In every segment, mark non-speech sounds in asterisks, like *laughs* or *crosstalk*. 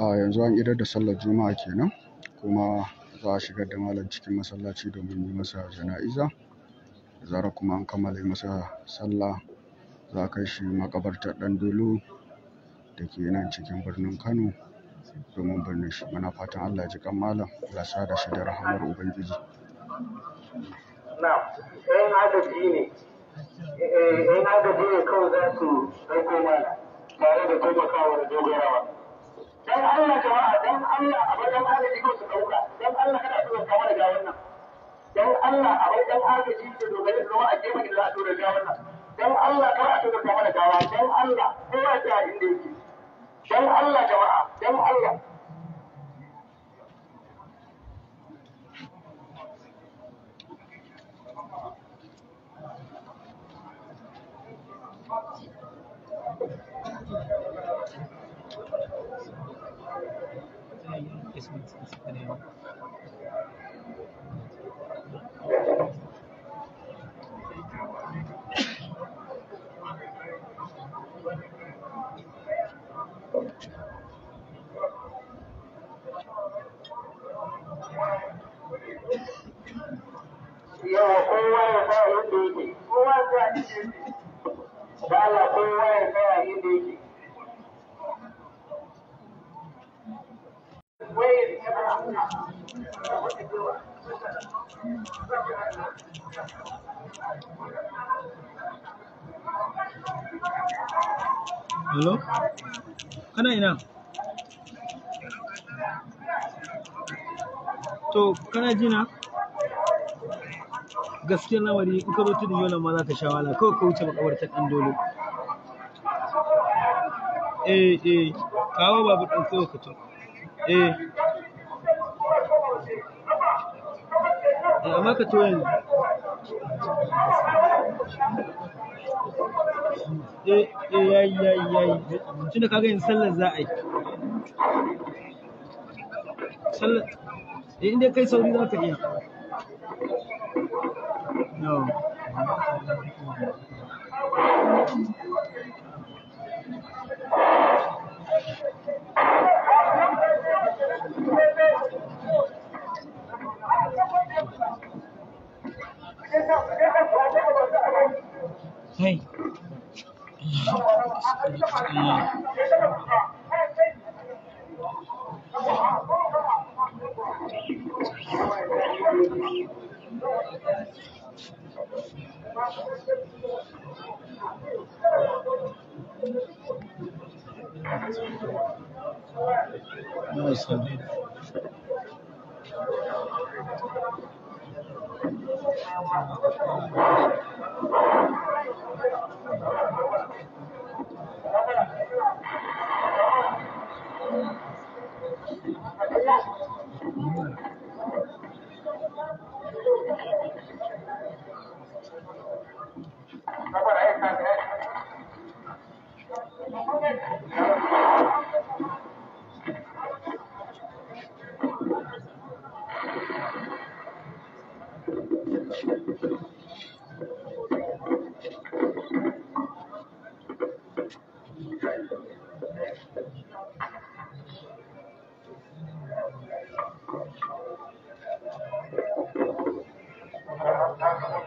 A yanzu an idar da sallar juma'a kenan kuma za a shigar da malam cikin masallaci domin yi masa jana'iza da zarar kuma an kammala masa sallah za a kai shi maƙabartar Ɗandolo da ke nan cikin birnin Kano domin birnin shi. Muna fatan Allah ya malam, Ya ya sada shi da rahamar Ubangiji. na ɗayan agaji ne eh, ɗayan agaji ne kawai za su ɗauko mana tare da taimakawa da dogarawa dan Allah jama'a dan Allah a bar dan agaji ko su ɗauka dan Allah kada su zama da gawan nan dan Allah a bar dan agaji da dogare da a ke maki da a dogara gawan nan dan Allah kada a tozarta mana gawa dan Allah kowa ya inda yake dan Allah jama'a dan Allah since this video. Hello? Kana ina? To, kana jina? Gaskiyar lamari in ka zo tudun yola ma za ka sha kawai ka wuce makabartar ɗan dole. Eh, eh, kawo babu ɗan kawai ka to. Eh, ba maka to yanzu eh, eh, yayi yayi kaga yanzu sallar za a yi sallar eh, inda kai sauri za ka iya no Hey. Nossa, Ibu.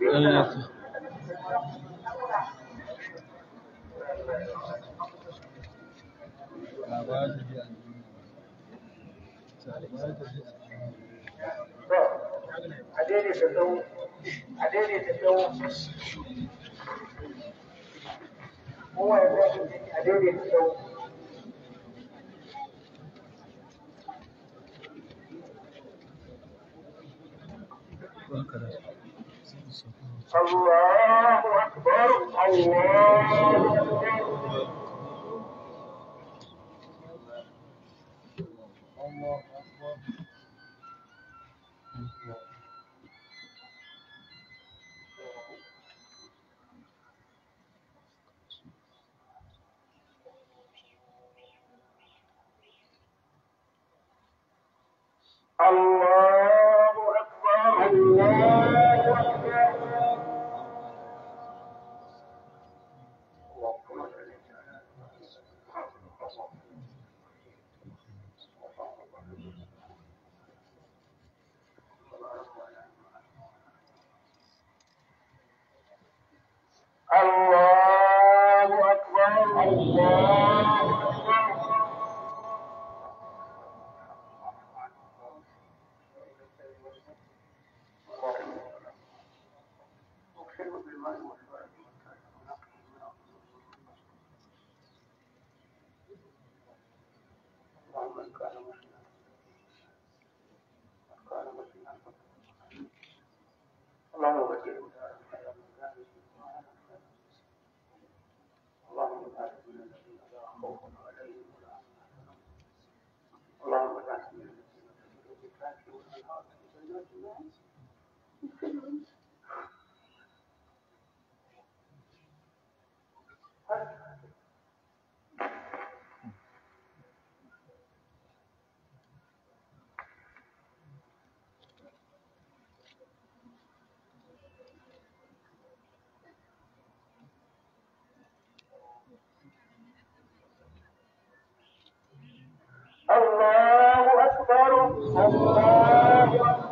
Gracias. aderização, aderização, uma é a aderização. é أكبر الله أكبر Allah. السلام عليكم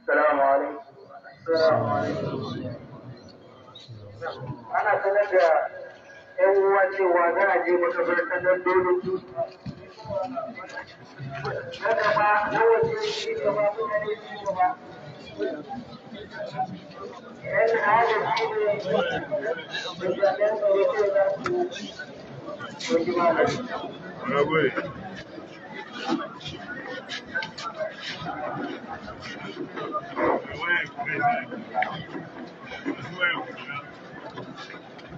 السلام عليكم السلام عليكم tare da yan uwa cewa za a je makabartar nan dole na gaba na waje shi gaba mutane shi gaba yan agaji ne misalan aqui. ko za su ɗauki malami. Thank you.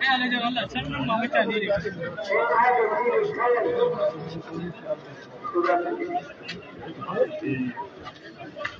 Thank you.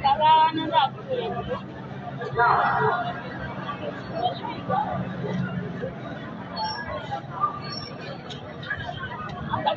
सदा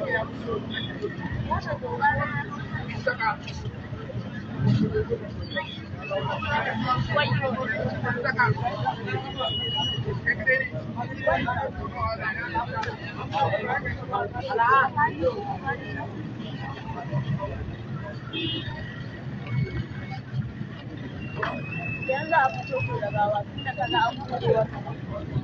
*laughs* 这个。这个。这个。这个。好了啊。现在不收费了，各位。现在这个。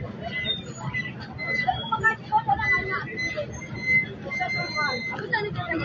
我感觉我这那啥呀，不是你这个样。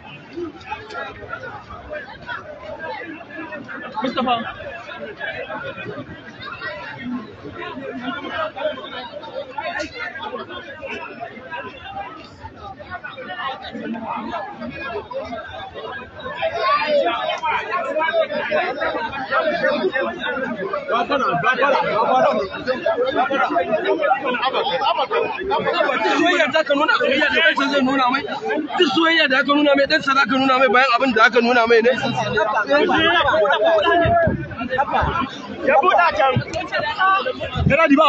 مصطفى soyayya da aka nuna soyayya duk soyayya da aka nuna mai dan sa zaka nuna mai bayan abin da aka nuna mai ne ya buɗa can